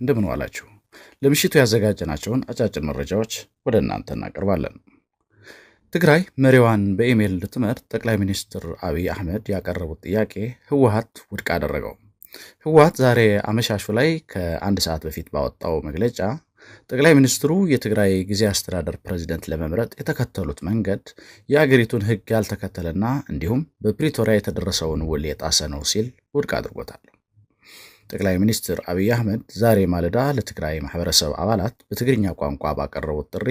እንደምን ዋላችሁ። ለምሽቱ ያዘጋጀናቸውን አጫጭር መረጃዎች ወደ እናንተ እናቀርባለን። ትግራይ መሪዋን በኢሜይል ልትመርጥ ጠቅላይ ሚኒስትር አብይ አህመድ ያቀረቡት ጥያቄ ህወሀት ውድቅ አደረገው። ህወሀት ዛሬ አመሻሹ ላይ ከአንድ ሰዓት በፊት ባወጣው መግለጫ ጠቅላይ ሚኒስትሩ የትግራይ ጊዜ አስተዳደር ፕሬዚደንት ለመምረጥ የተከተሉት መንገድ የአገሪቱን ህግ ያልተከተለና እንዲሁም በፕሪቶሪያ የተደረሰውን ውል የጣሰ ነው ሲል ውድቅ አድርጎታል። ጠቅላይ ሚኒስትር አብይ አህመድ ዛሬ ማለዳ ለትግራይ ማህበረሰብ አባላት በትግርኛ ቋንቋ ባቀረቡት ጥሪ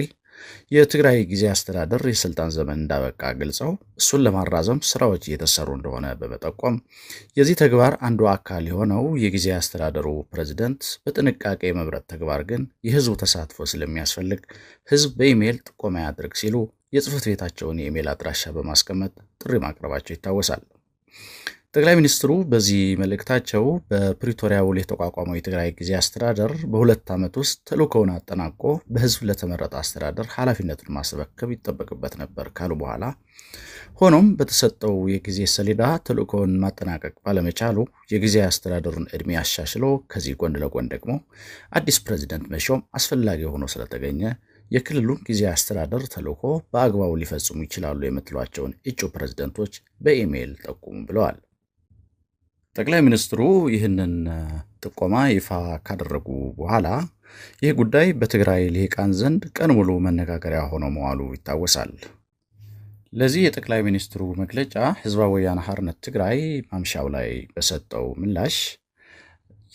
የትግራይ ጊዜ አስተዳደር የስልጣን ዘመን እንዳበቃ ገልጸው እሱን ለማራዘም ስራዎች እየተሰሩ እንደሆነ በመጠቆም የዚህ ተግባር አንዱ አካል የሆነው የጊዜ አስተዳደሩ ፕሬዚደንት በጥንቃቄ የመምረጥ ተግባር ግን የህዝቡ ተሳትፎ ስለሚያስፈልግ ህዝብ በኢሜይል ጥቆማ ያድርግ ሲሉ የጽህፈት ቤታቸውን የኢሜይል አድራሻ በማስቀመጥ ጥሪ ማቅረባቸው ይታወሳል። ጠቅላይ ሚኒስትሩ በዚህ መልእክታቸው በፕሪቶሪያ ውል የተቋቋመው የትግራይ ጊዜ አስተዳደር በሁለት ዓመት ውስጥ ተልእኮውን አጠናቆ በህዝብ ለተመረጠ አስተዳደር ኃላፊነቱን ማስረከብ ይጠበቅበት ነበር ካሉ በኋላ ሆኖም በተሰጠው የጊዜ ሰሌዳ ተልእኮውን ማጠናቀቅ ባለመቻሉ የጊዜ አስተዳደሩን ዕድሜ አሻሽሎ ከዚህ ጎን ለጎን ደግሞ አዲስ ፕሬዚደንት መሾም አስፈላጊ ሆኖ ስለተገኘ የክልሉን ጊዜ አስተዳደር ተልእኮ በአግባቡ ሊፈጽሙ ይችላሉ የምትሏቸውን እጩ ፕሬዝደንቶች በኢሜይል ጠቁሙ ብለዋል። ጠቅላይ ሚኒስትሩ ይህንን ጥቆማ ይፋ ካደረጉ በኋላ ይህ ጉዳይ በትግራይ ልሂቃን ዘንድ ቀን ሙሉ መነጋገሪያ ሆኖ መዋሉ ይታወሳል። ለዚህ የጠቅላይ ሚኒስትሩ መግለጫ ህዝባዊ ወያነ ሓርነት ትግራይ ማምሻው ላይ በሰጠው ምላሽ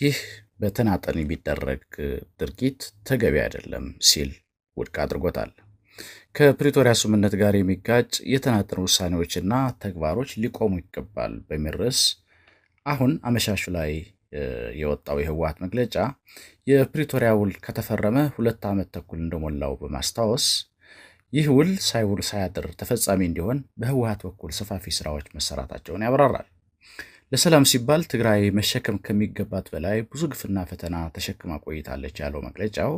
ይህ በተናጠል የሚደረግ ድርጊት ተገቢ አይደለም ሲል ውድቅ አድርጎታል። ከፕሪቶሪያ ስምምነት ጋር የሚጋጭ የተናጠል ውሳኔዎችና ተግባሮች ሊቆሙ ይገባል በሚል ርዕስ አሁን አመሻሹ ላይ የወጣው የህወሀት መግለጫ የፕሪቶሪያ ውል ከተፈረመ ሁለት ዓመት ተኩል እንደሞላው በማስታወስ ይህ ውል ሳይውል ሳያድር ተፈጻሚ እንዲሆን በህወሀት በኩል ሰፋፊ ስራዎች መሰራታቸውን ያብራራል። ለሰላም ሲባል ትግራይ መሸከም ከሚገባት በላይ ብዙ ግፍና ፈተና ተሸክማ ቆይታለች ያለው መግለጫው፣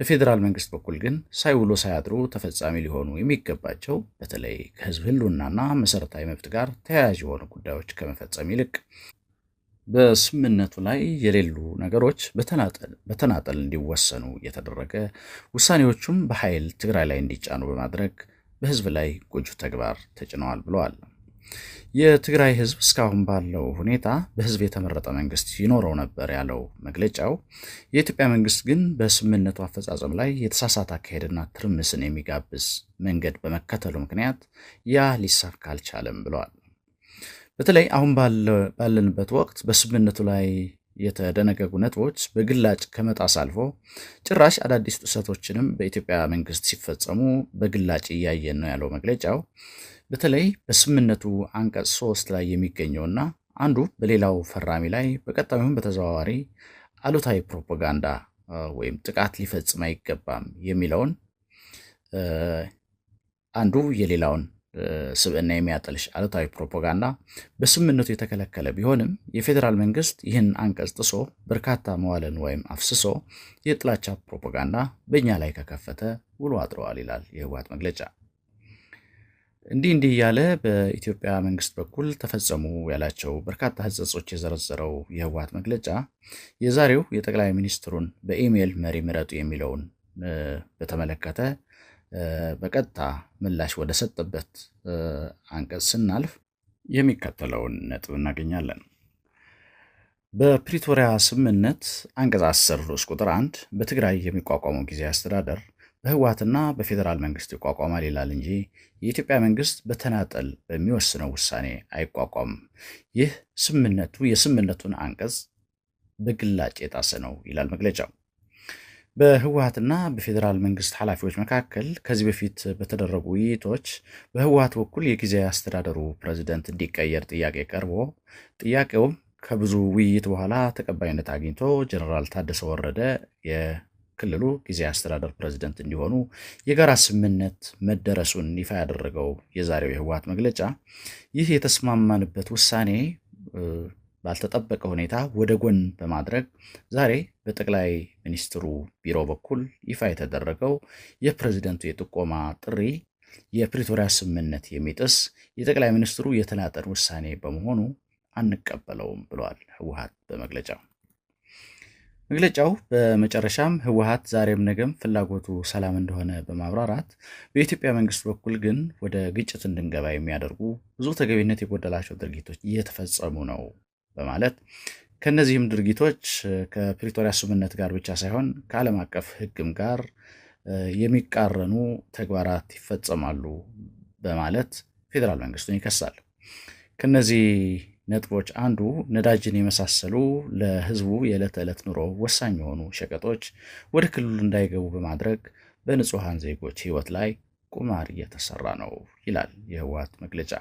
በፌዴራል መንግስት በኩል ግን ሳይውሎ ሳያድሩ ተፈጻሚ ሊሆኑ የሚገባቸው በተለይ ከህዝብ ህልውናና መሰረታዊ መብት ጋር ተያያዥ የሆኑ ጉዳዮች ከመፈጸም ይልቅ በስምምነቱ ላይ የሌሉ ነገሮች በተናጠል እንዲወሰኑ እየተደረገ ውሳኔዎቹም በኃይል ትግራይ ላይ እንዲጫኑ በማድረግ በህዝብ ላይ ጎጂ ተግባር ተጭነዋል ብለዋል። የትግራይ ህዝብ እስካሁን ባለው ሁኔታ በህዝብ የተመረጠ መንግስት ይኖረው ነበር ያለው መግለጫው፣ የኢትዮጵያ መንግስት ግን በስምምነቱ አፈጻጸም ላይ የተሳሳተ አካሄድና ትርምስን የሚጋብዝ መንገድ በመከተሉ ምክንያት ያ ሊሳካ አልቻለም ብለዋል። በተለይ አሁን ባለንበት ወቅት በስምምነቱ ላይ የተደነገጉ ነጥቦች በግላጭ ከመጣስ አልፎ ጭራሽ አዳዲስ ጥሰቶችንም በኢትዮጵያ መንግስት ሲፈጸሙ በግላጭ እያየን ነው ያለው መግለጫው። በተለይ በስምምነቱ አንቀጽ ሶስት ላይ የሚገኘውና አንዱ በሌላው ፈራሚ ላይ በቀጣዩም በተዘዋዋሪ አሉታዊ ፕሮፓጋንዳ ወይም ጥቃት ሊፈጽም አይገባም የሚለውን አንዱ የሌላውን ስብዕና የሚያጠልሽ አሉታዊ ፕሮፓጋንዳ በስምምነቱ የተከለከለ ቢሆንም የፌዴራል መንግስት ይህን አንቀጽ ጥሶ በርካታ መዋለን ወይም አፍስሶ የጥላቻ ፕሮፓጋንዳ በእኛ ላይ ከከፈተ ውሎ አድረዋል ይላል የህወሓት መግለጫ። እንዲህ እንዲህ እያለ በኢትዮጵያ መንግስት በኩል ተፈጸሙ ያላቸው በርካታ ህጸጾች የዘረዘረው የህወሓት መግለጫ የዛሬው የጠቅላይ ሚኒስትሩን በኢሜይል መሪ ምረጡ የሚለውን በተመለከተ በቀጥታ ምላሽ ወደ ሰጠበት አንቀጽ ስናልፍ የሚከተለውን ነጥብ እናገኛለን። በፕሪቶሪያ ስምምነት አንቀጽ 10 ንዑስ ቁጥር 1 በትግራይ የሚቋቋመው ጊዜያዊ አስተዳደር በህወሓትና በፌዴራል መንግስት ይቋቋማል ይላል እንጂ የኢትዮጵያ መንግስት በተናጠል በሚወስነው ውሳኔ አይቋቋምም። ይህ ስምምነቱ የስምምነቱን አንቀጽ በግላጭ የጣሰ ነው ይላል መግለጫው። በህወሀትና በፌዴራል መንግስት ኃላፊዎች መካከል ከዚህ በፊት በተደረጉ ውይይቶች በህወሀት በኩል የጊዜ አስተዳደሩ ፕሬዚደንት እንዲቀየር ጥያቄ ቀርቦ ጥያቄውም ከብዙ ውይይት በኋላ ተቀባይነት አግኝቶ ጀነራል ታደሰ ወረደ የክልሉ ጊዜ አስተዳደር ፕሬዚደንት እንዲሆኑ የጋራ ስምምነት መደረሱን ይፋ ያደረገው የዛሬው የህወሀት መግለጫ ይህ የተስማማንበት ውሳኔ ባልተጠበቀ ሁኔታ ወደ ጎን በማድረግ ዛሬ በጠቅላይ ሚኒስትሩ ቢሮ በኩል ይፋ የተደረገው የፕሬዝደንቱ የጥቆማ ጥሪ የፕሪቶሪያ ስምምነት የሚጥስ የጠቅላይ ሚኒስትሩ የተናጠል ውሳኔ በመሆኑ አንቀበለውም ብለዋል ህወሀት በመግለጫው። መግለጫው በመጨረሻም ህወሀት ዛሬም ነገም ፍላጎቱ ሰላም እንደሆነ በማብራራት በኢትዮጵያ መንግስት በኩል ግን ወደ ግጭት እንድንገባ የሚያደርጉ ብዙ ተገቢነት የጎደላቸው ድርጊቶች እየተፈጸሙ ነው በማለት ከእነዚህም ድርጊቶች ከፕሪቶሪያ ስምምነት ጋር ብቻ ሳይሆን ከዓለም አቀፍ ሕግም ጋር የሚቃረኑ ተግባራት ይፈጸማሉ በማለት ፌዴራል መንግስቱን ይከሳል። ከነዚህ ነጥቦች አንዱ ነዳጅን የመሳሰሉ ለህዝቡ የዕለት ተዕለት ኑሮ ወሳኝ የሆኑ ሸቀጦች ወደ ክልሉ እንዳይገቡ በማድረግ በንጹሐን ዜጎች ህይወት ላይ ቁማር እየተሰራ ነው ይላል የህወሓት መግለጫ።